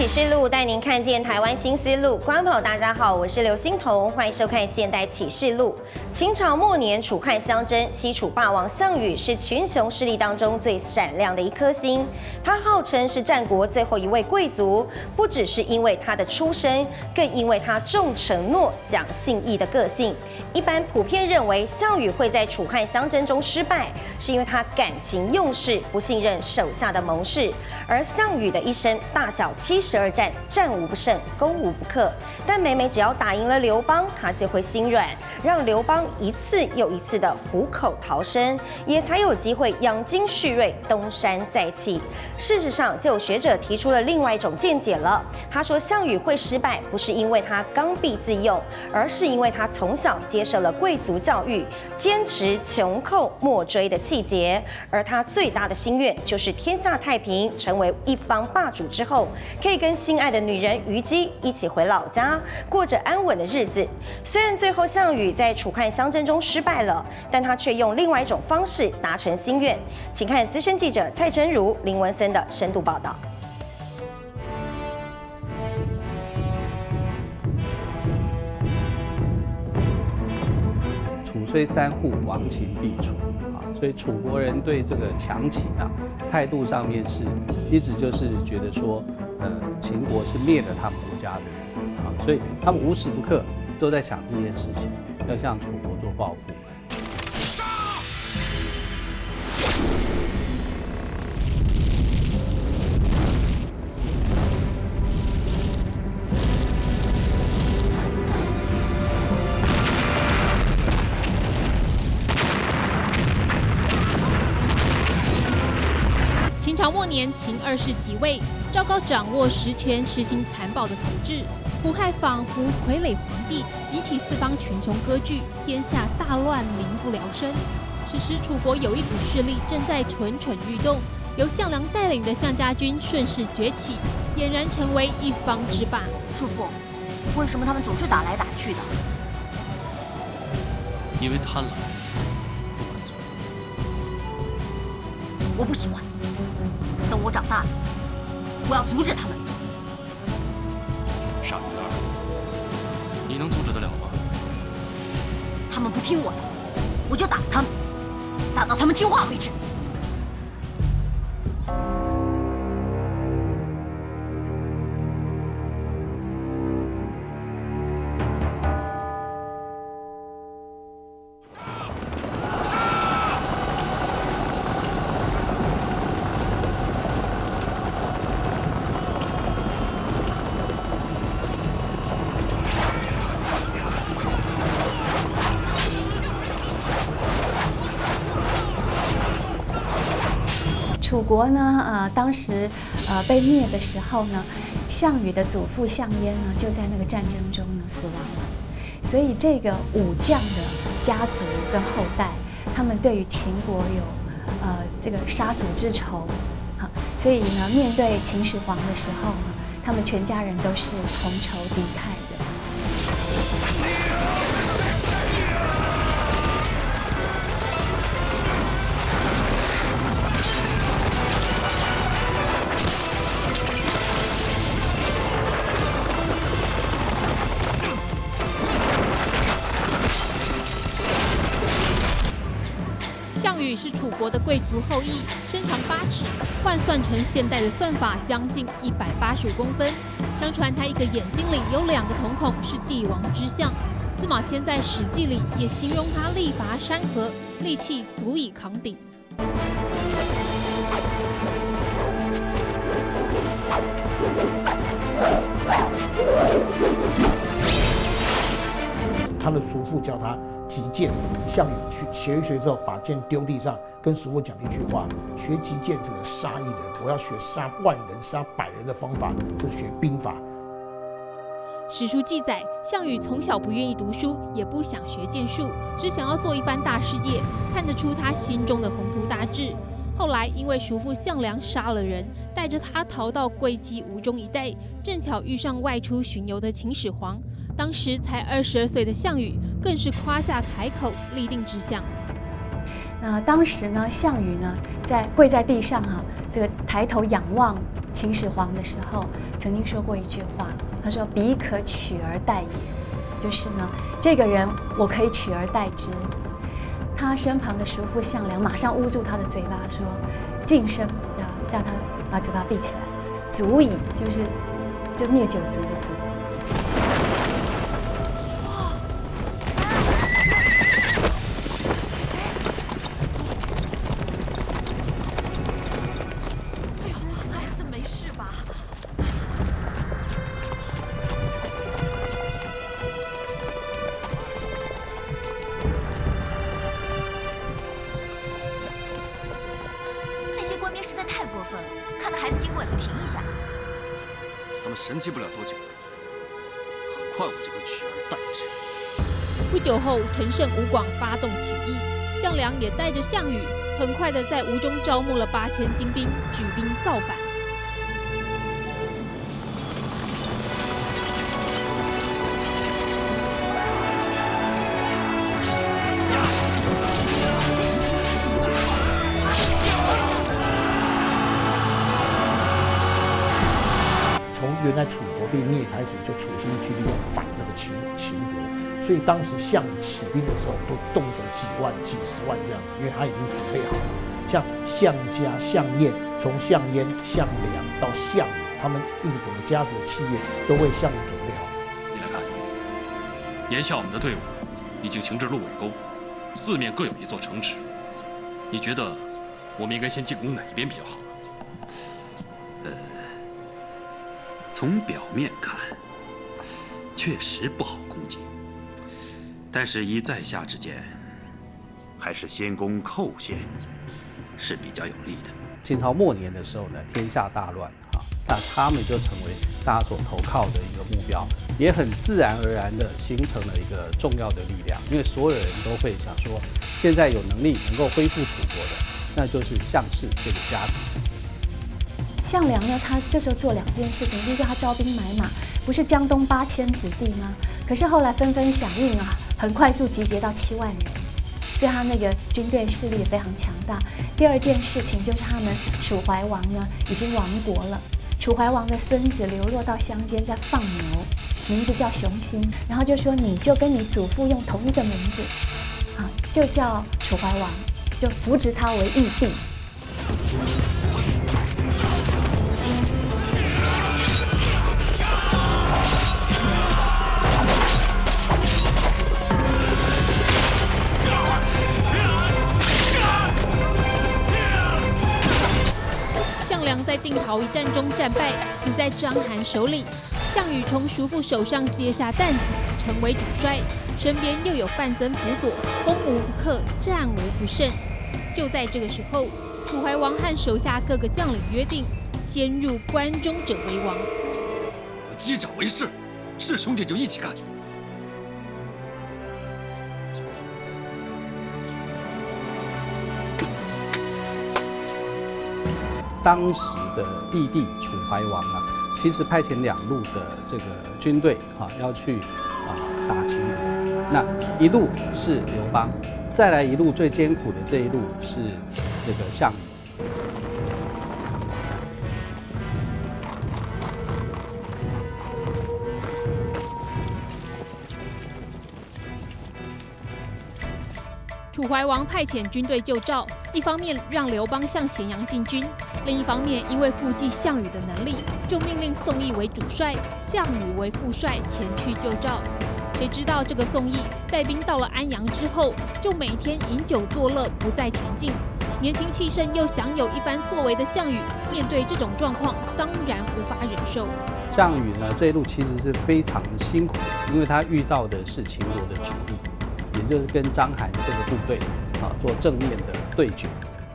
啟示錄帶您看見台灣新思路。觀眾朋友，大家好，我是劉欣彤，歡迎收看現代啟示錄。秦朝末年，楚漢相爭，西楚霸王項羽是群雄勢力當中最閃亮的一顆星。他號稱是戰國最後一位貴族，不只是因為他的出身，更因為他重承諾、講信義的個性。一般普遍認為，項羽會在楚漢相爭中失敗，是因為他感情用事，不信任手下的謀士。而項羽的一生，大小七十二戰，戰無不勝，攻無不克。但每每只要打贏了劉邦，他就會心軟，讓劉邦一次又一次的虎口逃生，也才有機會養精蓄銳，東山再起。事實上，就有學者提出了另外一種見解了。他說，項羽會失敗，不是因為他剛愎自用，而是因為他從小接受了貴族教育，堅持窮寇莫追的氣節，而他最大的心願就是天下太平，成為一方霸主之後，可以跟心愛的女人虞姬一起回老家。過着安穩的日子。雖然最後項羽在楚漢相爭中失敗了，但他卻用另外一種方式達成心願。請看資深記者蔡真如、林文森的深度報道。楚雖三戶，亡秦必楚啊！所以楚國人對這個強秦啊，態度上面是一直就是覺得說，呃，秦國是滅了他們國家的。所以他們無時不刻都在想這件事情，要向楚國做報復。秦朝末年，秦二世即位，趙高掌握實權，實行殘暴的統治。胡亥仿佛傀儡皇帝，引起四方群雄割據，天下大亂，民不聊生。此時，楚國有一股勢力正在蠢蠢欲動，由項梁帶領的項家軍順勢崛起，儼然成為一方之霸。叔父，為什麼他們總是打來打去的？因為貪婪，我不喜歡。等我長大了，我要阻止他們。能阻止得了嗎？他們不聽我的，我就打他們，打到他們聽話為止。國呢，呃，當時，呃，被滅的時候呢，項羽的祖父項燕呢，就在那個戰爭中呢死亡了，所以這個武將的家族跟後代，他們對於秦國有，呃，這個殺祖之仇，哈、啊，所以呢，面對秦始皇的時候呢，他們全家人都是同仇敵愾。貴族後裔，身長八尺，換算成現代的算法，將近一百八十五公分。相傳他一個眼睛裡有兩個瞳孔，是帝王之相。司馬遷在《史記》裡也形容他力拔山河，力氣足以扛鼎。他的祖父叫他。擊劍，項羽去學一學之後，把劍丟地上，跟叔父講一句話：“學擊劍只能殺一人，我要學殺萬人、殺百人的方法，就學兵法。”史書記載，項羽從小不願意讀書，也不想學劍術，只想要做一番大事業，看得出他心中的宏圖大志。後來因為叔父項梁殺了人，帶着他逃到會稽吳中一帶，正巧遇上外出巡遊的秦始皇。當時才二十二歲的項羽，更是誇下海口，立定志向。那當時呢，項羽呢，在跪在地上哈、啊，這個抬頭仰望秦始皇的時候，曾經說過一句話，他說：“彼可取而代也。”就是呢，這個人我可以取而代之。他身旁的叔父項梁馬上捂住他的嘴巴，說：“噤聲，叫叫他把嘴巴閉起來，族矣，就是就滅九族停一下，他們神氣不了多久，很快我就會取而代之。不久後，陳勝、吳廣發動起義，項梁也帶着項羽，很快的在吳中招募了八千精兵，舉兵造反。兵也開始就處心積慮要反這個秦秦國，所以當時項羽起兵的時候都動輒幾萬、幾十萬這樣子，因為他已經準備好了。像項家、項燕，從項燕、項梁到項羽，他們一整個家族的企業都為項羽準備好。你來看，眼下我們的隊伍已經行至鹿尾溝，四面各有一座城池。你覺得我們應該先進攻哪一邊比較好？呃。從表面看，確實不好攻擊，但是依在下之見，還是先攻寇縣是比較有利的。秦朝末年的時候呢，天下大亂哈，那、啊、他們就成為大家所投靠的一個目標，也很自然而然地形成了一個重要的力量，因為所有人都會想說，現在有能力能夠恢復楚國的，那就是項氏這個家族。項梁呢，他這時候做兩件事情，第一個，他招兵買馬，不是江東八千子弟嗎？可是後來紛紛響應啊，很快速集結到七萬人，所以他那個軍隊勢力也非常強大。第二件事情就是，他們楚懷王呢已經亡國了，楚懷王的孫子流落到鄉間在放牛，名字叫熊心，然後就說，你就跟你祖父用同一個名字，啊，就叫楚懷王，就扶植他為義帝。在定陶一戰中戰敗，死在章邯手裡。項羽從叔父手上接下擔子，成為主帥，身邊又有范增輔佐，攻無不克，戰無不勝。就在這個時候，楚懷王和手下各個將領約定，先入關中者為王。我擊掌為誓，是兄弟就一起幹。當時的弟弟楚懷王啊，其實派遣兩路的這個軍隊啊，要去啊打秦國。那一路是劉邦，再來一路最艱苦的這一路是這個項羽。楚懷王派遣軍隊救趙，一方面讓劉邦向咸陽進軍，另一方面因為顧忌項羽的能力，就命令宋義為主帥，項羽為副帥前去救趙。誰知道這個宋義帶兵到了安陽之後，就每天飲酒作樂，不再前進。年輕氣盛又想有一番作為的項羽，面對這種狀況，當然無法忍受。項羽呢，這一路其實是非常的辛苦，因為他遇到的是秦國的主力。就是跟章邯這個部隊啊做正面的對決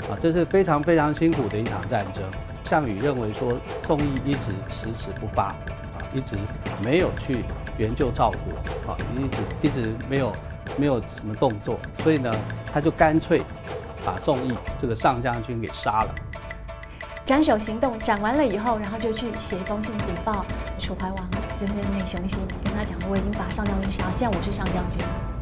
啊，這是非常非常辛苦的一場戰爭。項羽認為說，宋義一直遲遲不發啊，一直沒有去援救趙國啊，一直一直沒有沒有什麼動作，所以呢，他就乾脆把宋義這個上將軍給殺了。斬首行動斬完了以後，然後就去寫一封信稟報楚懷王，就是那熊心跟他講，我已經把上將軍殺了，現在我是上將軍。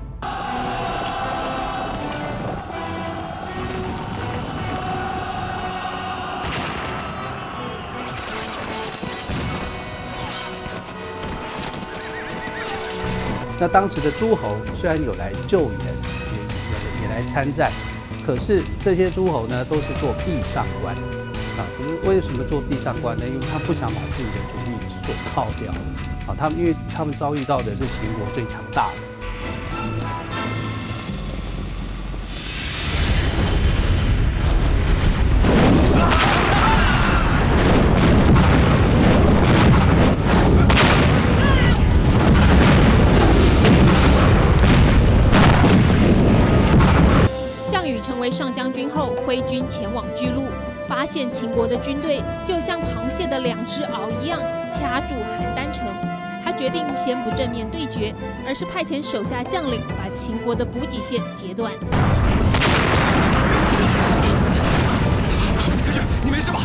那當時的諸侯雖然有來救援，也也來參戰，可是這些諸侯呢，都是作壁上觀啊。為什麼作壁上觀呢？因為他不想把自己的主力所耗掉啊。他們，因為他們遭遇到的是秦國最強大的。現秦國的軍隊就像螃蟹的兩隻螯一樣掐住邯鄲城，他決定先不正面對決，而是派遣手下將領把秦國的補給線截斷。啊。將軍，啊，你沒事吧？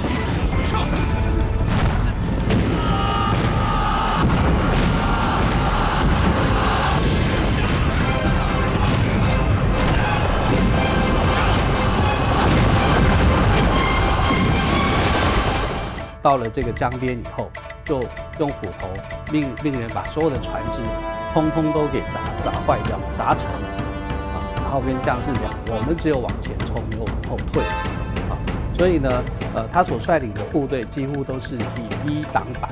到了這個江邊以後，就用斧頭命命人把所有的船隻，通通都給砸砸壞掉，砸沉了啊！然後跟將士講：我們只有往前衝，沒有往後退了啊！所以呢，呃，他所率領的部隊幾乎都是以一擋百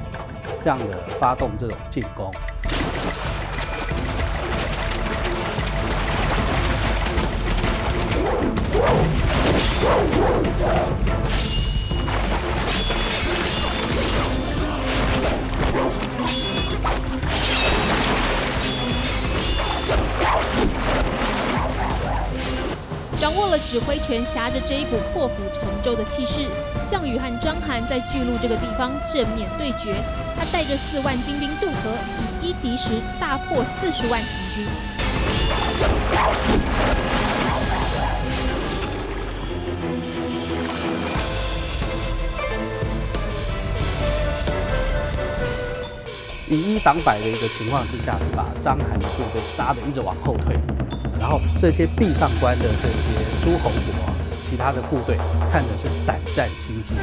這樣的發動這種進攻。全挾着這一股破釜沉舟的氣勢，項羽和章邯在巨鹿這個地方正面對決。他帶着四萬精兵渡河，以一敵十，大破四十萬秦軍，以一擋百的一個情況之下，是把章邯的部隊殺得一直往後退。然後這些壁上觀的這些諸侯國，其他的部隊看的是膽戰心驚，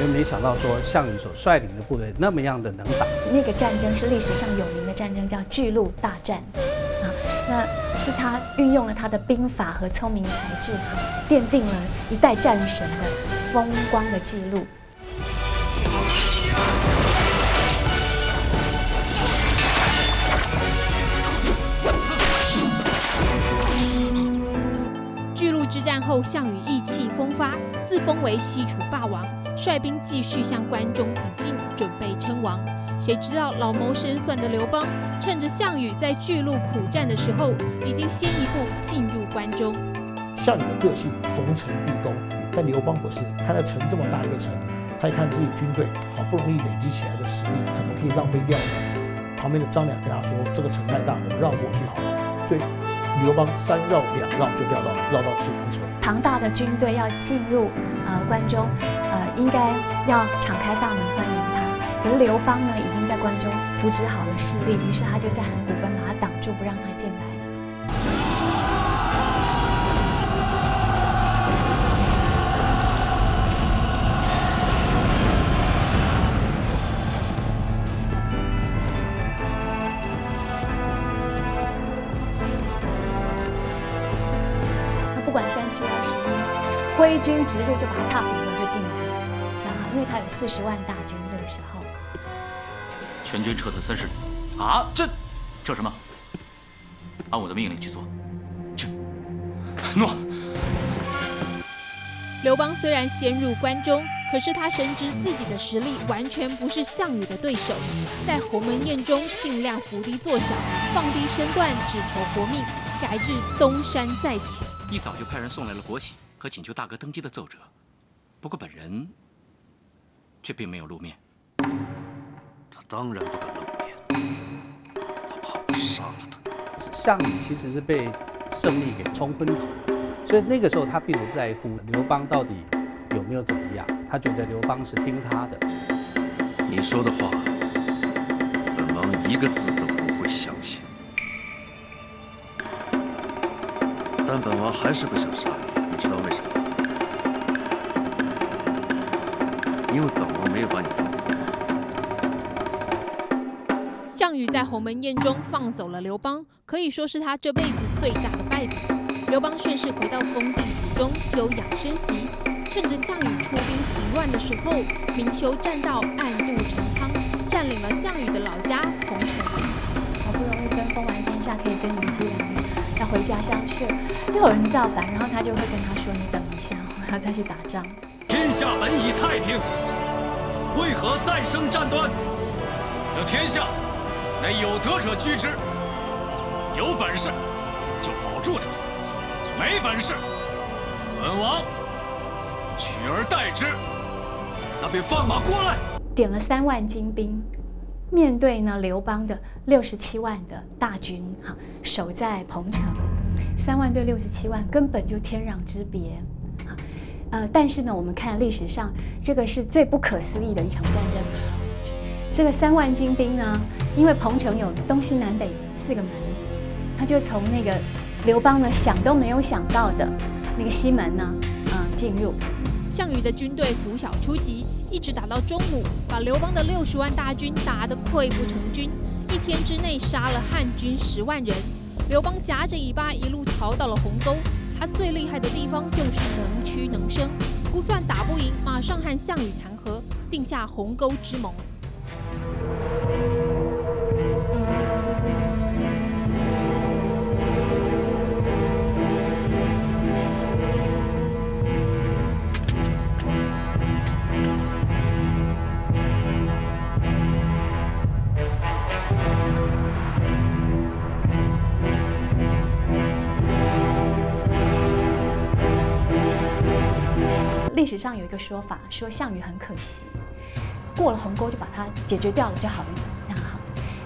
因為沒想到說項羽所率領的部隊那麼樣的能打。那個戰爭是歷史上有名的戰爭，叫巨鹿大戰啊，那是他運用了他的兵法和聰明才智，奠定了一代戰神的風光的記錄。戰後，項羽意氣風發，自封為西楚霸王，率兵繼續向關中挺進，準備稱王。誰知道老謀深算的劉邦，趁着項羽在巨鹿苦戰的時候，已經先一步進入關中。項羽的個性逢城必攻，但劉邦不是，看到城這麼大一個城，他一看自己軍隊好不容易累積起來的實力，怎麼可以浪費掉呢？旁邊的張良跟他說：“這個城太大了，我們繞過去好了。”最劉邦三繞兩繞就繞到繞到水南城，龐大的軍隊要進入呃關中，呃應該要敞開大門歡迎他。可是劉邦呢，已經在關中扶持好了勢力，於是他就在函谷關把他擋住，不讓他進來。追軍直接就把他踏平了，就進來了。然後，因為他有四十萬大軍那個時候，全軍撤退三十里。啊，這這什麼？按我的命令去做。去，諾。劉邦雖然先入關中，可是他深知自己的實力完全不是項羽的對手，在鴻門宴中盡量伏低做小，放低身段，只求活命，改日東山再起。一早就派人送來了國旗。和請求大哥登基的奏摺，不過本人卻並沒有露面。他當然不敢露面，他怕我殺了他。項羽其實是被勝利給沖昏頭，所以那個時候他並不在乎劉邦到底有沒有怎麼樣，他覺得劉邦是聽他的。你說的話，本王一個字都不會相信，但本王還是不想殺你。知道為什麼？因為本王沒有把你放走。項羽在鴻門宴中放走了劉邦，可以說是他這輩子最大的敗筆。劉邦順勢回到封地楚中休養生息，趁着項羽出兵平亂的時候，明修棧道，暗度陳倉，佔領了項羽的老家彭城。好不容易分封完天下，可以跟你們見。回家鄉去，又有人造反，然後他就會跟他說：“你等一下，我要再去打仗。”天下本已太平，為何再生戰端？這天下乃有德者居之，有本事就保住他，沒本事，本王取而代之。那便放馬過來。點了三萬精兵，面對呢，劉邦的六十七萬的大軍，哈，守在彭城。三萬對六十七萬，根本就天壤之別，啊、呃，但是呢，我們看歷史上這個是最不可思議的一場戰爭。這個三萬精兵呢，因為彭城有東西南北四個門，他就從那個劉邦呢想都沒有想到的那個西門呢，嗯、呃，進入。項羽的軍隊拂曉出擊，一直打到中午，把劉邦的六十萬大軍打得潰不成軍，一天之內殺了漢軍十萬人。劉邦夾着尾巴一路逃到了鴻溝，他最厲害的地方就是能屈能伸，估算，打不贏，馬上和項羽談和，定下鴻溝之盟。史上有一個說法，說項羽很可惜，過了鴻溝就把他解決掉了就好了，那好。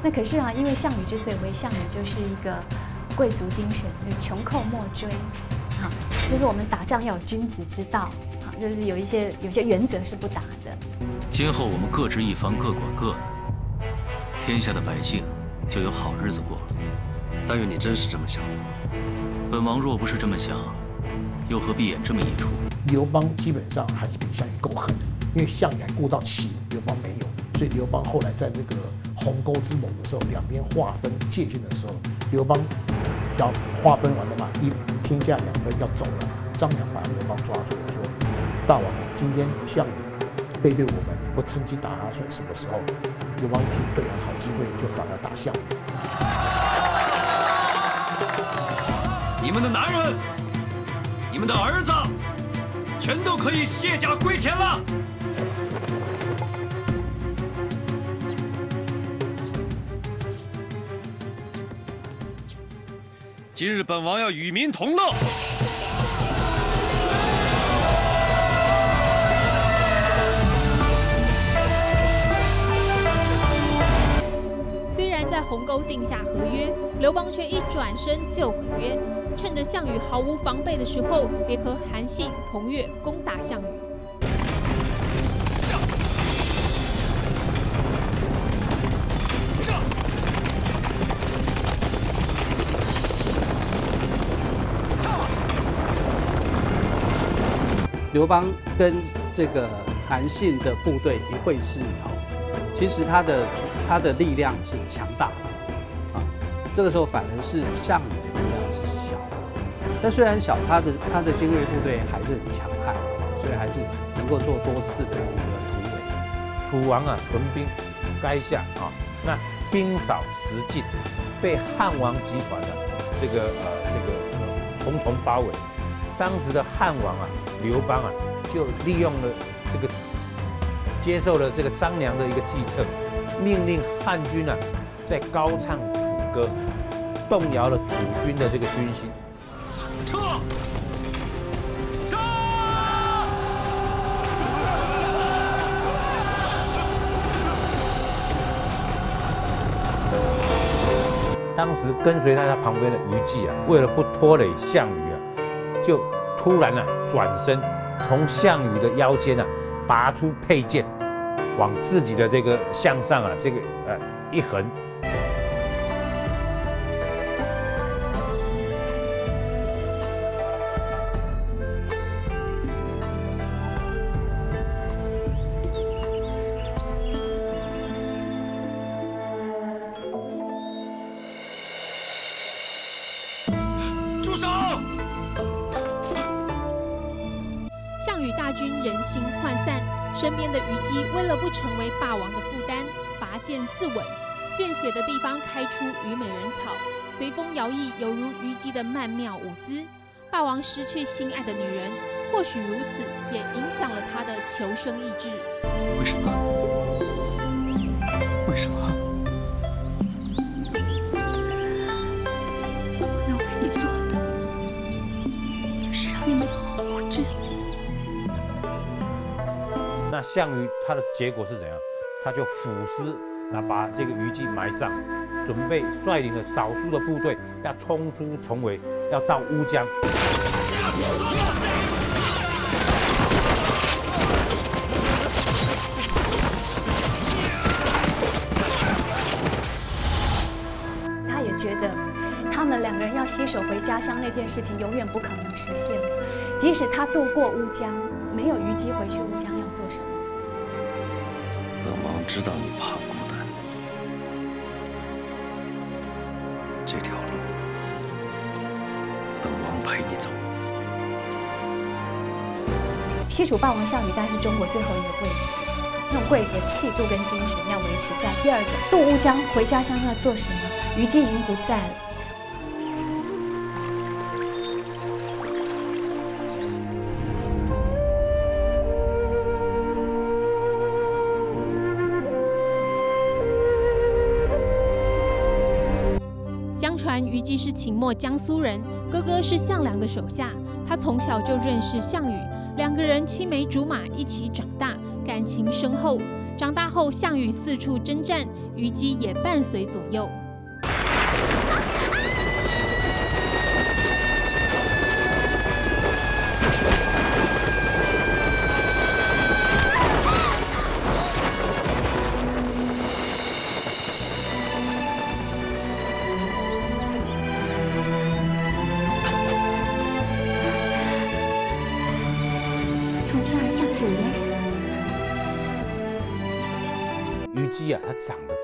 那可是啊，因為項羽之所以為項羽，就是一個貴族精神，就是、窮寇莫追，如就是我們打仗要有君子之道，好，就是有一些有些原則是不打的。今後我們各執一方，各管各的，天下的百姓就有好日子過了。但願你真是這麼想的。本王若不是這麼想，又何必演這麼一出？劉邦基本上還是比項羽夠狠，因為項羽還顧到齊，劉邦沒有。所以劉邦後來在這個鴻溝之盟的時候，兩邊劃分界限的時候，劉邦要劃分完了嘛，一天下兩分要走了，張良把劉邦抓住，說：“大王，今天項羽背對我們，不趁機打他算什麼時候？”劉邦有一定對啊，好機會就把他打下。你們的男人，你們的兒子。全都可以卸甲歸田了。今日本王要與民同樂。雖然在鴻溝定下合約，劉邦卻一轉身就毀約。趁着項羽毫無防備的時候，聯合韓信、彭越攻打項羽。劉邦跟這個韓信的部隊一會師以後，其實他的他的力量是強大的啊。這個時候反而是項羽。那雖然小，他的他的精銳部隊還是很強悍，所以還是能夠做多次的這個突圍。楚王啊屯兵垓下啊，那兵少食盡，被漢王集團的、啊、這個呃這個重重包圍。當時的漢王啊劉邦啊，就利用了這個接受了這個張良的一個計策，命令漢軍啊在高唱楚歌，動搖了楚軍的這個軍心。撤！撤！當時跟隨在他旁邊的虞姬啊，為了不拖累項羽啊，就突然呢、啊、轉身，從項羽的腰間呢、啊、拔出佩劍，往自己的這個項上啊這個呃一橫。的曼妙舞姿，霸王失去心愛的女人，或許如此也影響了他的求生意志。為什麼？為什麼？我能為你做的，就是讓你沒有後顧之憂。那項羽他的結果是怎樣？他就撫屍，那把這個虞姬埋葬。準備率領了少數的部隊，要衝出重圍，要到烏江。他也覺得，他們兩個人要攜手回家鄉那件事情，永遠不可能實現。即使他渡過烏江，沒有虞姬回去烏江要做什麼？本王知道你怕苦。西楚霸王項羽當然是中國最後一個貴族，那種貴族氣度跟精神要維持在第二個，渡烏江回家鄉要做什麼？虞姬已經不在了。相傳虞姬是秦末江蘇人，哥哥是項梁的手下，他從小就認識項羽。兩個人青梅竹馬，一起長大，感情深厚。長大後，項羽四處征戰，虞姬也伴隨左右。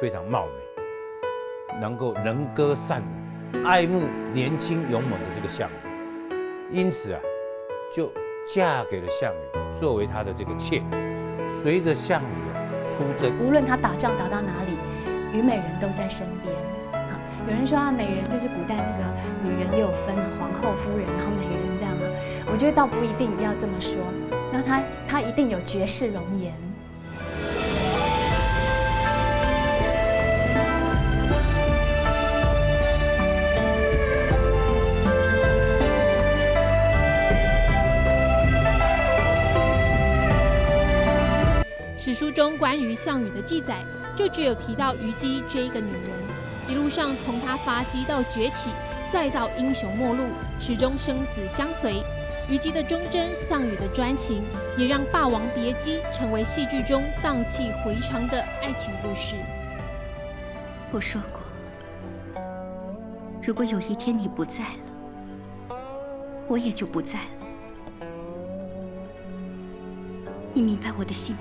非常貌美，能夠能歌善舞，愛慕年輕勇猛的這個項羽，因此啊，就嫁給了項羽，作為他的這個妾。隨着項羽出征，無論他打仗打到哪裡，虞美人都在身邊。啊，有人說啊，美人就是古代那個女人也有分皇後、夫人，然後美人這樣啊，我覺得倒不一定要這麼說。那她她一定有絕世容顏。中關於項羽的記載，就只有提到虞姬這一個女人。一路上，從她發跡到崛起，再到英雄末路，始終生死相隨。虞姬的忠貞，項羽的專情，也讓《霸王別姬》成為戲劇中蕩氣迴腸的愛情故事。我說過，如果有一天你不在了，我也就不在了。你明白我的心。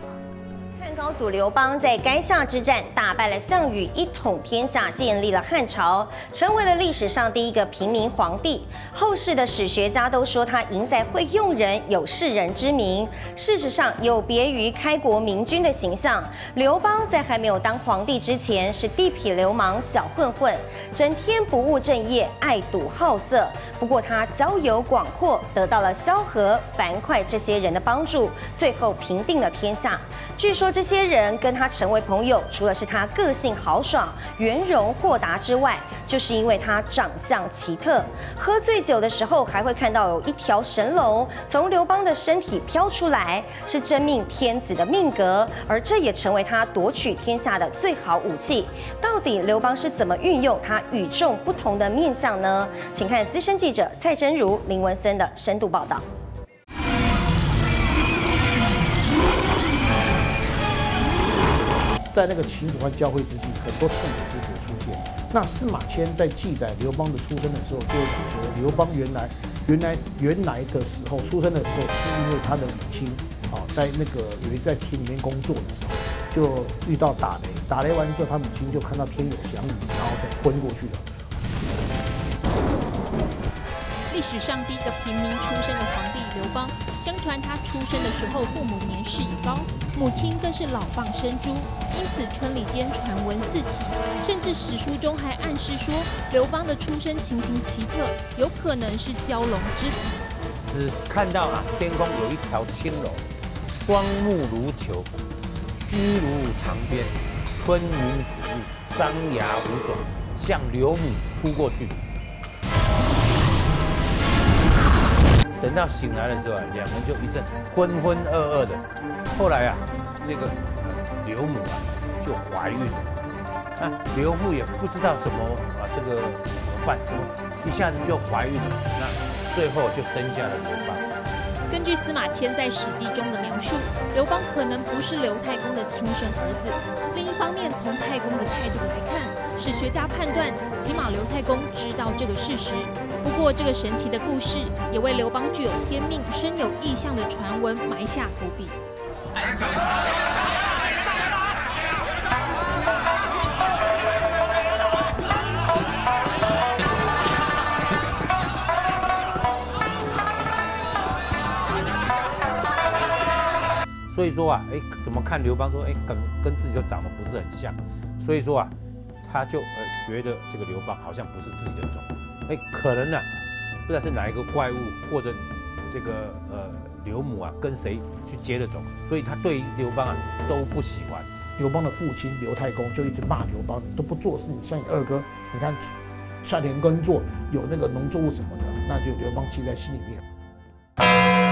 高祖劉邦在垓下之戰打敗了項羽，一統天下，建立了漢朝，成為了歷史上第一個平民皇帝。後世的史學家都說他贏在會用人，有識人之明。事實上，有別於開國明君的形象，劉邦在還沒有當皇帝之前是地痞流氓、小混混，整天不務正業，愛賭好色。不過他交友廣闊，得到了蕭何、樊噲這些人的幫助，最後平定了天下。據說這些人跟他成為朋友，除了是他個性豪爽、圓融豁達之外，就是因為他長相奇特。喝醉酒的時候，還會看到有一條神龍從劉邦的身體飄出來，是真命天子的命格，而這也成為他奪取天下的最好武器。到底劉邦是怎麼運用他與眾不同的面相呢？請看《資深記》。記者蔡真如、林文森的深度報道。在那個秦始皇交會之際，很多讖緯之學出現。那司馬遷在記載劉邦的出生的時候，就會講說劉邦原來、原來、原來的時候出生的時候，是因為他的母親在那個有一次在田裡面工作的時候，就遇到打雷，打雷完之後，他母親就看到天有祥雲，然後再昏過去了。歷史上第一個平民出身的皇帝劉邦，相傳他出生的時候父母年事已高，母親更是老蚌生珠，因此村里間傳聞四起，甚至史書中還暗示說劉邦的出生情形奇特，有可能是蛟龍之子。只看到啊，天空有一條青龍，雙目如球，鬚如長鞭，吞雲吐霧，張牙舞爪，向劉母撲過去。等到醒來的時候啊，兩人就一陣渾渾噩噩的。後來啊，這個劉母啊就懷孕了。那、啊、劉父也不知道怎麼啊，這個怎麼辦、嗯，一下子就懷孕了。那最後就生下了劉邦。根據司馬遷在《史記》中的描述，劉邦可能不是劉太公的親生兒子。另一方面，從太公的態度來看，史學家判斷，起碼劉太公知道這個事實。不過，這個神奇的故事也為劉邦具有天命、身有異象的傳聞埋下伏筆。所以說啊，哎，怎麼看劉邦說，哎，跟跟自己就長得不是很像，所以說啊，他就呃覺得這個劉邦好像不是自己的種。哎、欸，可能呢、啊，不知道是哪一個怪物，或者這個呃劉母啊，跟誰去接着走。所以他對劉邦啊都不喜歡。劉邦的父親劉太公就一直罵劉邦，都不做事，你像你二哥，你看，夏天耕作有那個農作物什麼的，那就劉邦記在心裡面。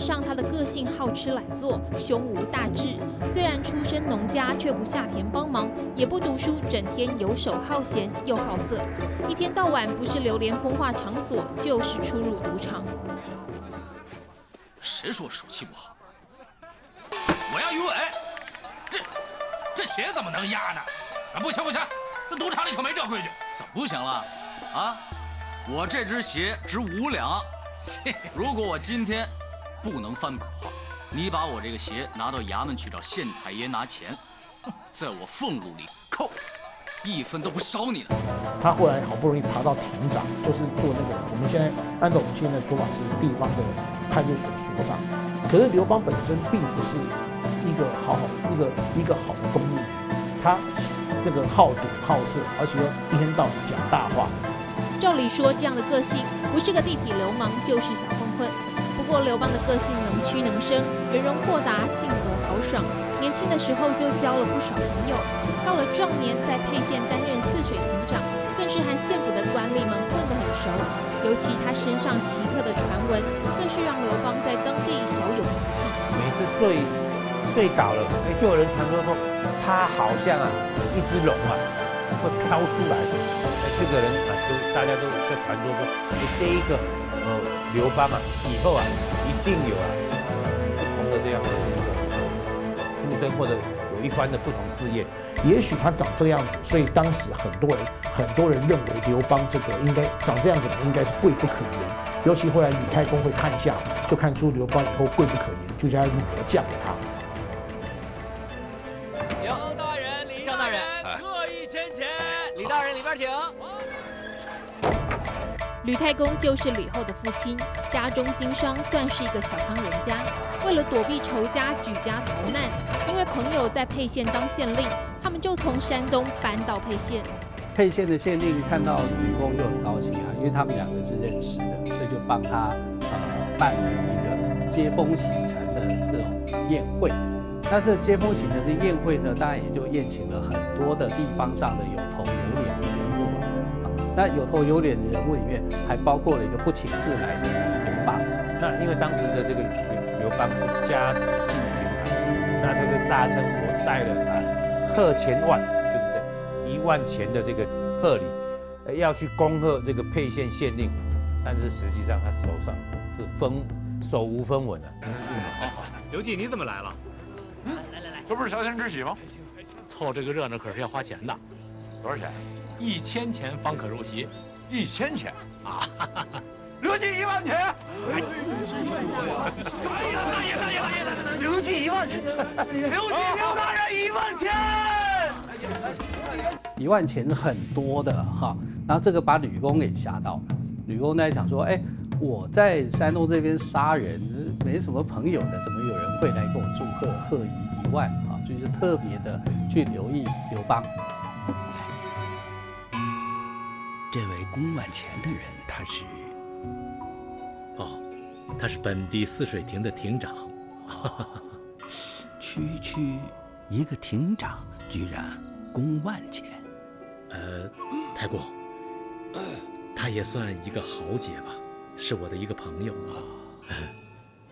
上他的個性好吃懶做，胸無大志。雖然出身農家，卻不下田幫忙，也不讀書，整天游手好閒，又好色，一天到晚不是流連風化場所，就是出入賭場。誰說手氣不好？我押魚尾，這這鞋怎麼能押呢？啊，不行不行，這賭場裡可沒這規矩。怎麼不行了？啊，我這隻鞋值五兩，如果我今天。不能翻本的話，你把我這個鞋拿到衙門去找縣太爺拿錢，在我俸祿裡扣，一分都不少你了。他後來好不容易爬到亭長，就是做那個我們現在按照我們現在說法是地方的派出所所長。可是劉邦本身並不是一個好好一個一個好的公務員，他那個好賭好色，而且一天到晚講大話。照理說，這樣的個性不是個地痞流氓，就是小。不過劉邦的個性能屈能伸，為人豁達，性格豪爽。年輕的時候就交了不少朋友，到了壯年，在沛縣擔任泗水亭長，更是和縣府的官吏們混得很熟。尤其他身上奇特的傳聞，更是讓劉邦在當地小有名氣。每次最最搞了，哎，就有人傳說說他好像啊，有一隻龍啊，會飄出來的。哎，這個人啊，都、就是、大家都在傳說中。就這一個。劉邦啊，以後啊，一定有啊不同的這樣出身，或者有一番的不同事業。也許他長這樣子，所以當時很多人，很多人認為劉邦這個應該長這樣子，應該是貴不可言。尤其後來呂太公會看相，就看出劉邦以後貴不可言，就將女兒嫁給他。劉大人，李大人，各一千錢。誒誒李大人，裡邊請。哦呂太公就是呂後的父親，家中經商，算是一個小康人家。為了躲避仇家，舉家逃難。因為朋友在沛縣當縣令，他們就從山東搬到沛縣。沛縣的縣令看到呂公就很高興啊，因為他們兩個是認識的，所以就幫他呃辦了一個接風洗塵的這種宴會。那這接風洗塵的宴會呢，當然也就宴請了很多的地方上的有同。那有頭有臉的人物裡面，還包括了一個不請自來的劉邦。那因為當時的這個劉邦是家境貧寒，那他就詐稱，我帶了賀錢萬，就是這一萬錢的這個賀禮，要去恭賀這個沛縣縣令。但是實際上他手上是分手無分文的。嗯嗯哦、劉季，你怎麼來了？來來、嗯、來，來來這不是喬遷之喜嗎？開心開心，湊這個熱鬧可是要花錢的，多少錢？一千錢方可入席，一千錢啊！劉季一萬錢！哎 呀，劉季一萬錢！劉季劉大人一萬錢！一萬錢是很多的哈。然後這個把呂公給嚇到了。呂公呢想說，哎，我在山東這邊殺人，沒什麼朋友的，怎麼有人會來給我祝賀賀一萬啊？就是特別的去留意劉邦。公萬錢的人，他是哦，他是本地泗水亭的亭長， 區區一個亭長，居然公萬錢、呃，呃，太公，他也算一個豪傑吧，是我的一個朋友啊、呃，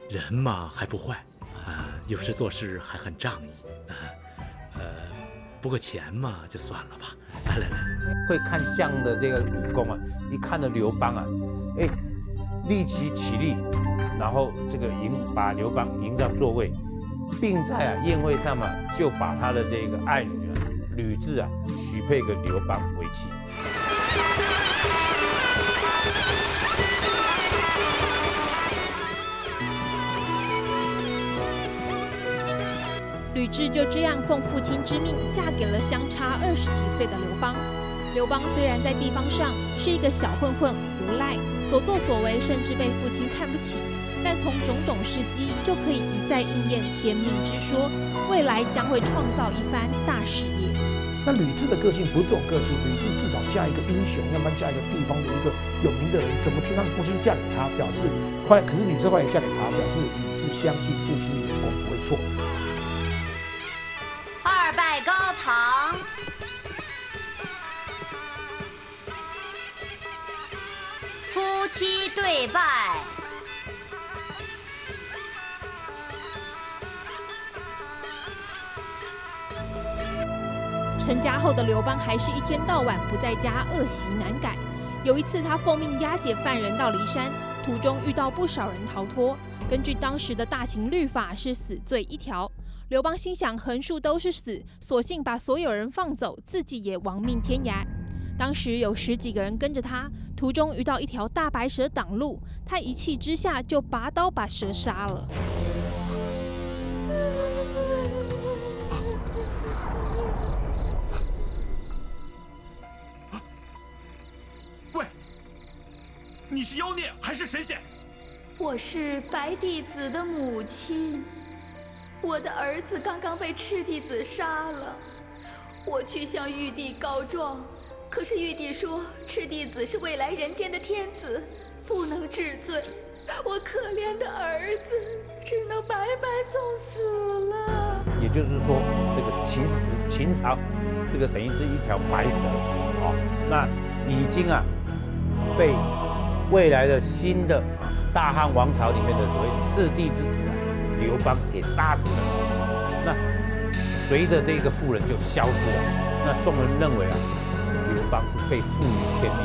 人嘛還不壞啊、呃，有時做事還很仗義啊，呃。呃不過錢嘛，就算了吧。來來來，會看相的這個呂公啊，一看到劉邦啊，哎，立即起立，然後這個迎把劉邦迎到座位，並在啊宴會上嘛、啊，就把他的這個愛女啊呂雉啊許配給劉邦為妻。呂雉就這樣奉父親之命，嫁給了相差二十幾歲的劉邦。劉邦雖然在地方上是一個小混混、無賴，所作所為甚至被父親看不起，但從種種事蹟就可以一再應驗天命之說，未來將會創造一番大事業。那呂雉的個性不是這種個性，呂雉至少嫁一個英雄，要不然嫁一個地方的一個有名的人，怎麼聽他的父親嫁給他，表示快，可是呂雉快也嫁給他，表示呂雉相信父親的眼光不會錯。好，夫妻對拜。成家後的劉邦還是一天到晚不在家，惡習難改。有一次，他奉命押解犯人到驪山，途中遇到不少人逃脫。根據當時的大秦律法，是死罪一條。劉邦心想，橫豎都是死，索性把所有人放走，自己也亡命天涯。當時有十幾個人跟着他，途中遇到一條大白蛇擋路，他一氣之下就拔刀把蛇殺了。喂，你是妖孽還是神仙？我是白帝子的母親。我的兒子剛剛被赤帝子殺了，我去向玉帝告狀，可是玉帝說赤帝子是未來人間的天子，不能治罪。我可憐的兒子只能白白送死了。也就是說，這個秦始秦朝，這個等於是一條白蛇啊，那已經啊被未來的新的大漢王朝裡面的所謂赤帝之子啊，劉邦給殺死了，那隨着這個婦人就消失了，那眾人認為啊，劉邦是被賦予天命，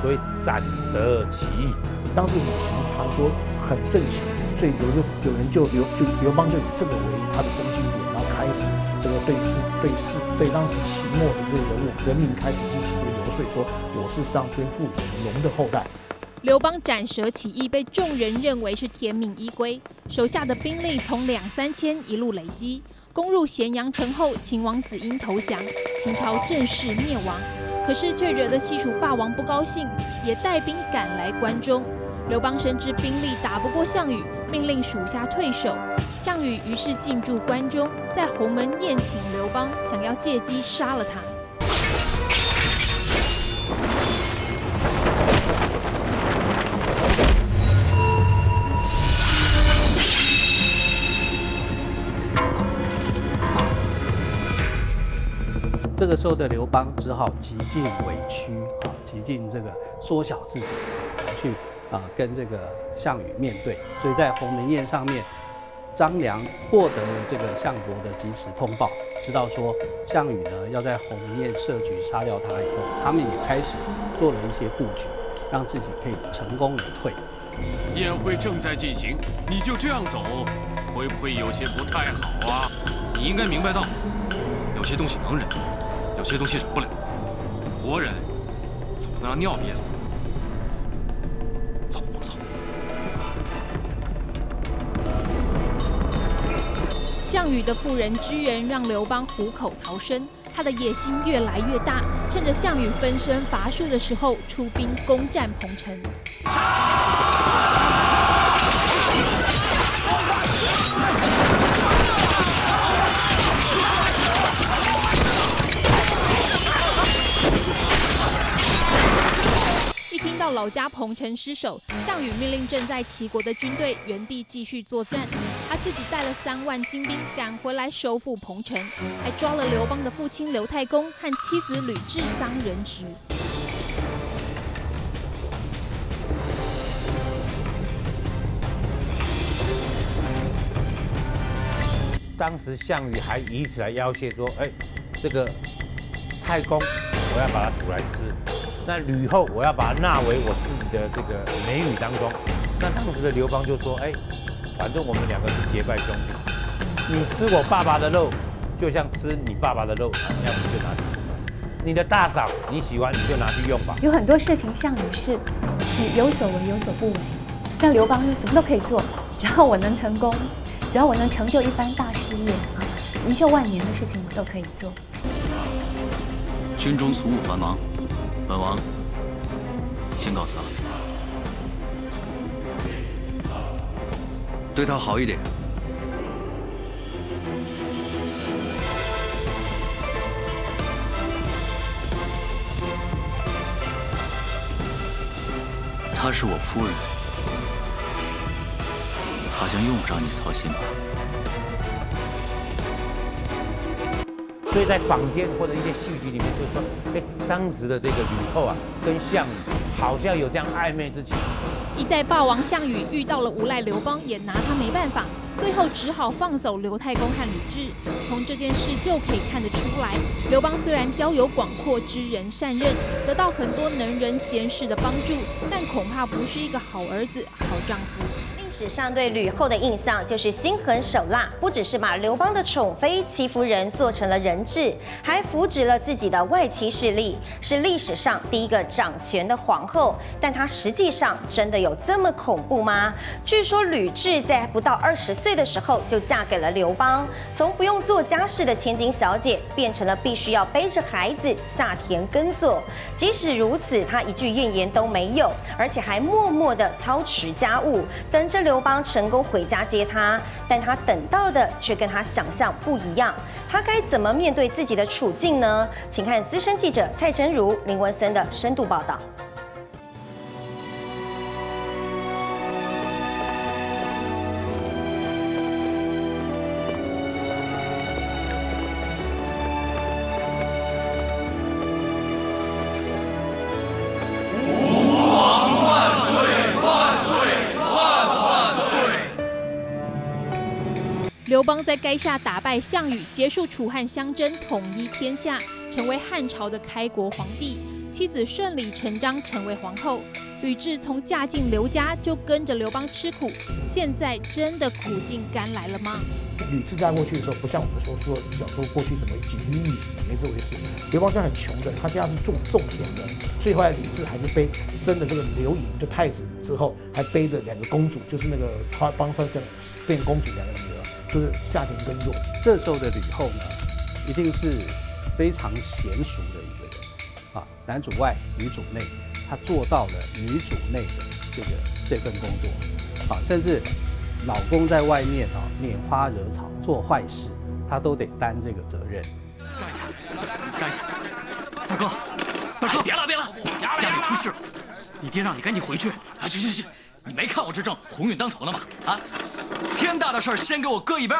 所以斬蛇起義。當時五行傳說很盛行，所以有就有人就劉就劉邦就以這個為他的中心點，然後開始這個對事對事對當時秦末的這個人物革命開始進行遊說，說我是上天賦予龍的後代。劉邦斬蛇起義，被眾人認為是天命依歸，手下的兵力從兩三千一路累積，攻入咸陽城後，秦王子嬰投降，秦朝正式滅亡。可是卻惹得西楚霸王不高興，也帶兵趕來關中。劉邦深知兵力打不過項羽，命令屬下退守。項羽於是進駐關中，在鴻門宴請劉邦，想要借機殺了他。這個時候的劉邦只好極盡委屈啊，極盡這個縮小自己，去啊、呃、跟這個項羽面對。所以在鴻門宴上面，張良獲得了這個項伯的及時通報，知道說項羽呢要在鴻門宴設局殺掉他以後，他們也開始做了一些布局，讓自己可以成功而退。宴會正在進行，你就這樣走，會不會有些不太好啊？你應該明白到，有些東西能忍，這些東西忍不了，活人總不能讓尿憋死。走，走。項羽的婦人之仁讓劉邦虎口逃生，他的野心越來越大。趁着項羽分身乏術的時候，出兵攻占彭城。殺到老家彭城失守，項羽命令正在齊國的軍隊原地繼續作戰，他自己帶了三萬精兵趕回來收復彭城，還抓了劉邦的父親劉太公和妻子呂雉當人質。當時項羽還以此來要挾說：“哎，這個太公，我要把他煮來吃。”那呂後，我要把她納為我自己的這個美女當中。那當時的劉邦就說：“哎，反正我們兩個是結拜兄弟，你吃我爸爸的肉，就像吃你爸爸的肉，那你就拿去吃。你的大嫂你喜歡，你就拿去用吧。”有很多事情項羽是，你有所為有所不為。那劉邦就什麼都可以做，只要我能成功，只要我能成就一番大事業啊，遺臭萬年的事情我都可以做。軍中俗務繁忙。本王先告辭了。對她好一點。她是我夫人，好像用不着你操心吧？所以在坊間或者一些戲劇裡面就說，哎，當時的這個呂後啊，跟項羽好像有這樣曖昧之情。一代霸王項羽遇到了無賴劉邦，也拿他沒辦法，最後只好放走劉太公和呂雉。從這件事就可以看得出來，劉邦雖然交友廣闊、知人善任，得到很多能人賢士的幫助，但恐怕不是一個好兒子、好丈夫。史上對呂後的印象就是心狠手辣，不只是把劉邦的寵妃戚夫人做成了人彘，還扶植了自己的外戚勢力，是歷史上第一個掌權的皇後。但她實際上真的有這麼恐怖嗎？據說呂雉在不到二十歲的時候就嫁給了劉邦，從不用做家事的千金小姐變成了必須要背着孩子下田耕作。即使如此，她一句怨言都沒有，而且還默默的操持家務，等着。劉邦成功回家接他，但他等到的卻跟他想象不一樣。他該怎麼面對自己的處境呢？請看資深記者蔡真如、林文森的深度報道。在垓下打敗項羽，結束楚漢相爭，統一天下，成為漢朝的開國皇帝，妻子順理成章成為皇後。呂雉從嫁進劉家就跟着劉邦吃苦，現在真的苦盡甘來了嗎？呂雉嫁過去的時候，不像我們說說小時候過去什麼錦衣玉食沒這回事。劉邦家很窮的，他家是種種田的，所以後來呂雉還是背生了這個劉盈的太子之後，還背着兩個公主，就是那個幫邦生下變公主兩個人。就是下田耕作。這時候的呂後呢，一定是非常嫻熟的一個人啊，男主外，女主內，她做到了女主內的這個這份工作啊，甚至老公在外面啊拈花惹草做壞事，她都得擔這個責任。讓一下，讓一下。大哥，大哥，別拉，別拉，家裡出事了，你爹讓你趕緊回去。啊，去去去，你沒看我這正鴻運當頭呢嗎？啊？天大的事兒，先給我擱一邊。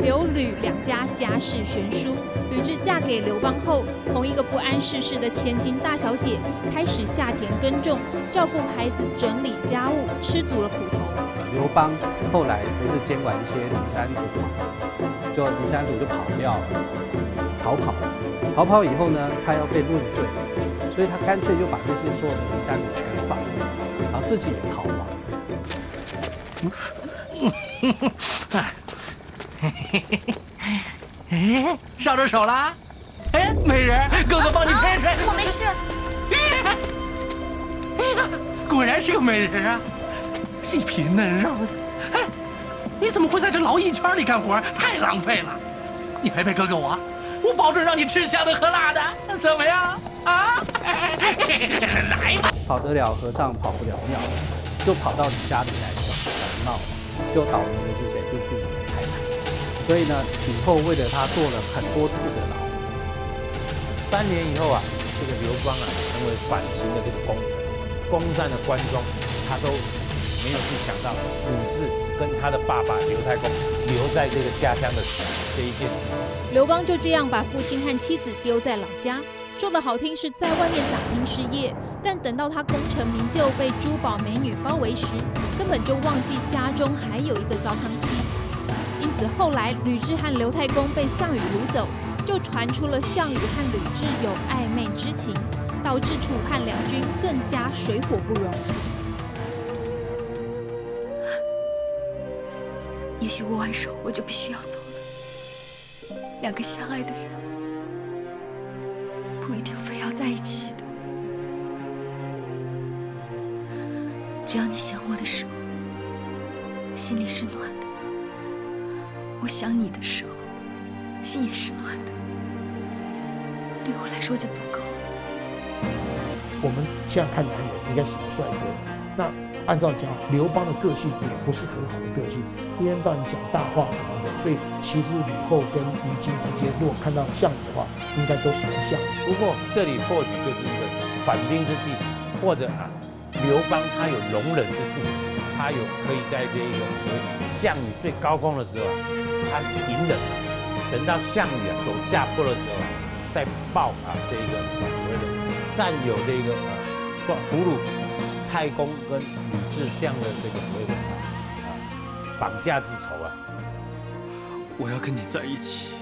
劉呂兩家家世懸殊，呂雉嫁給劉邦後，從一個不諳世事、事的千金大小姐，開始下田耕種，照顧孩子，整理家務，吃足了苦頭。劉邦後來就是監管一些驪山徒，就驪山徒就跑掉了，逃跑，逃跑以後呢，他要被論罪，所以他乾脆就把那些所有的驪山徒全放，然後自己也逃亡。嗯、 哎、上著手了，哎，美人，哥哥幫你添水、啊啊。我沒事。哎呀，果然是個美人啊，細皮嫩肉的。哎，你怎麼會在這勞役圈裡幹活？太浪費了。你陪陪哥哥我，我保證讓你吃香的喝辣的，怎麼樣？啊，哎哎哎、來吧。跑得了和尚跑不了廟，就跑到你家裡來鬧。就倒霉的是誰？對自己的太太。所以呢，呂後為了他做了很多次的牢。三年以後啊，這個劉邦啊，成為反秦的這個功臣，攻占了關中，他都沒有去想到，呂雉跟他的爸爸劉太公留在這個家鄉的這一件事。劉邦就這樣把父親和妻子丟在老家，說的好聽是在外面打拼事業。但等到他功成名就，被珠寶美女包圍時，根本就忘記家中還有一個糟糠妻。因此後來，呂雉和劉太公被項羽擄走，就傳出了項羽和呂雉有曖昧之情，導致楚漢兩軍更加水火不容。也許握完手，我就必須要走了。兩個相愛的人，不一定要非要在一起。只要你想我的時候，心裡是暖的；我想你的時候，心也是暖的。對我來說就足夠了。我們這樣看男人，應該喜歡帥哥。那按照講，劉邦的個性也不是很好的個性，一天到晚講大話什麼的。所以其實呂後跟虞姬之間，如果看到項羽的話，應該都喜歡項羽。不過這裡或許就是一個反兵之計，或者啊。劉邦他有容忍之處，他有可以在這一個，項羽最高峰的時候啊，他隱忍，等到項羽啊走下坡的時候再報啊這一個所謂的佔有這個呃俘虜太公跟呂雉這樣的這個所謂的啊綁、啊、架之仇啊。我要跟你在一起，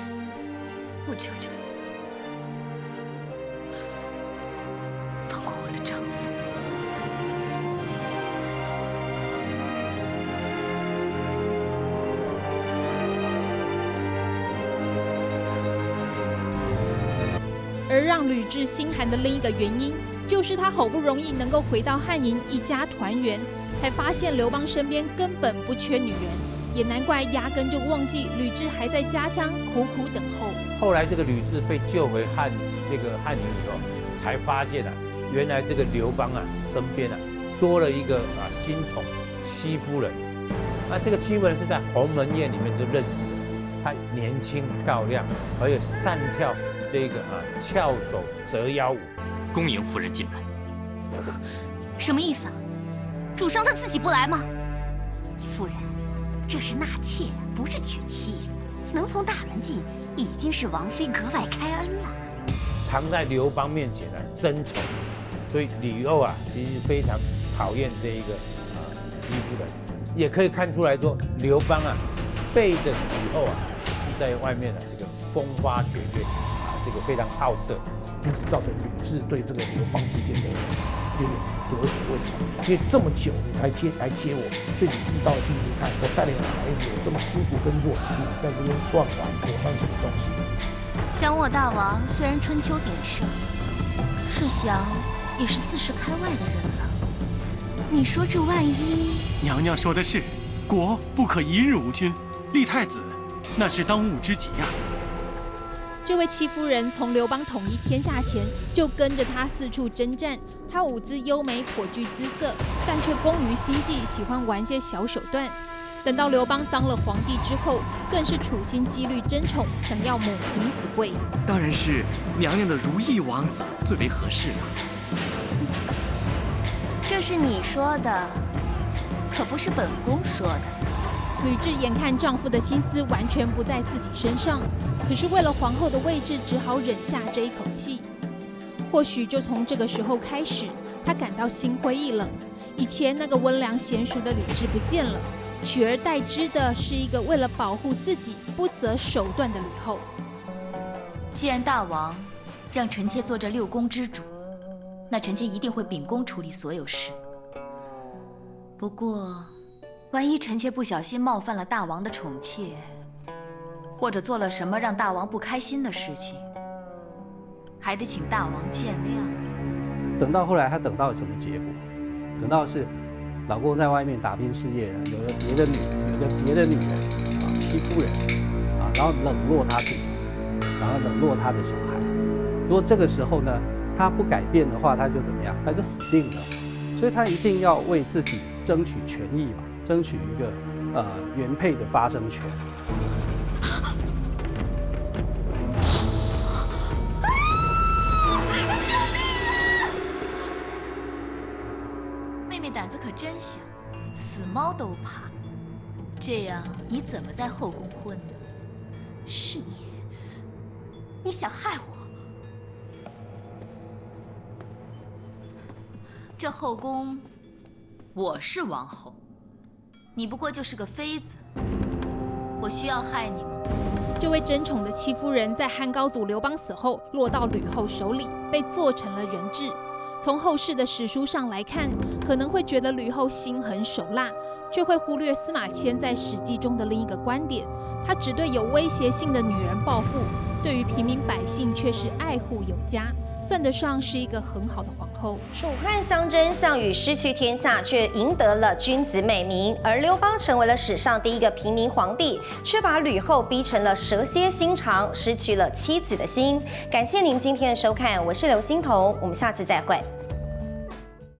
我求求你。呂雉心寒的另一個原因，就是她好不容易能夠回到漢營，一家團圓，才發現劉邦身邊根本不缺女人，也難怪壓根就忘記呂雉還在家鄉苦苦等候。後來這個呂雉被救回漢，這個漢營裡頭，才發現啊，原來這個劉邦啊，身邊啊，多了一個啊新寵戚夫人。那這個戚夫人是在鴻門宴裡面就認識的，她年輕漂亮，而且善跳。這一個啊，翹首折腰舞，恭迎夫人進門。 什麼意思啊？主上他自己不來嗎？夫人，這是納妾，不是娶妻。能從大門進，已經是王妃格外開恩了。藏在劉邦面前的、啊、爭寵，所以呂後啊，其實非常討厭這一個啊，夫、呃、人。也可以看出來說，劉邦啊，背着呂後啊，是在外面的、啊、這個風花雪月。這個非常好色，因此造成呂雉對這個劉邦之間的有點隔閡。為什麼？因為這麼久你才接來接我，所以你知道進一看，我帶了一個孩子，我這麼辛苦工作，你在這邊亂玩，我算什麼東西？想我大王雖然春秋鼎盛，是想也是四十開外的人了。你說這萬一……娘娘說的是，國不可一日無君，立太子那是當務之急呀、啊。這位戚夫人從劉邦統一天下前就跟着他四處征戰，她舞姿優美，頗具姿色，但卻工於心計，喜歡玩些小手段。等到劉邦當了皇帝之後，更是處心積慮爭寵，想要母憑子貴。當然是娘娘的如意王子最為合適了。這是你說的，可不是本宮說的。呂雉眼看丈夫的心思完全不在自己身上，只是為了皇後的位置，只好忍下這一口氣。或許就從這個時候開始，她感到心灰意冷。以前那個溫良賢淑的呂雉不見了，取而代之的是一個為了保護自己不擇手段的呂後。既然大王讓臣妾做這六宮之主，那臣妾一定會秉公處理所有事。不過，萬一臣妾不小心冒犯了大王的寵妾，或者做了什麼讓大王不開心的事情，還得請大王見諒。等到後來，他等到什麼結果？等到是老公在外面打拼事業了，有了別的女，有了別的女人啊，戚夫人啊，然後冷落他自己，然後冷落他的小孩。如果這個時候呢，他不改變的話，他就怎麼樣？他就死定了。所以他一定要為自己爭取權益嘛，爭取一個呃原配的發聲權。真想死貓都怕。這樣你怎麼在後宮混呢？是你，你想害我？這後宮，我是王後，你不過就是個妃子。我需要害你嗎？這位爭寵的戚夫人，在漢高祖劉邦死後，落到呂後手裡，被做成了人彘。從後世的史書上來看，可能會覺得呂後心狠手辣，卻會忽略司馬遷在《史記》中的另一個觀點：他只對有威脅性的女人報復，對於平民百姓卻是愛護有加。算得上是一個很好的皇後。楚漢相爭，項羽失去天下，卻贏得了君子美名；而劉邦成為了史上第一個平民皇帝，卻把呂後逼成了蛇蠍心腸，失去了妻子的心。感謝您今天的收看，我是劉欣彤，我們下次再會。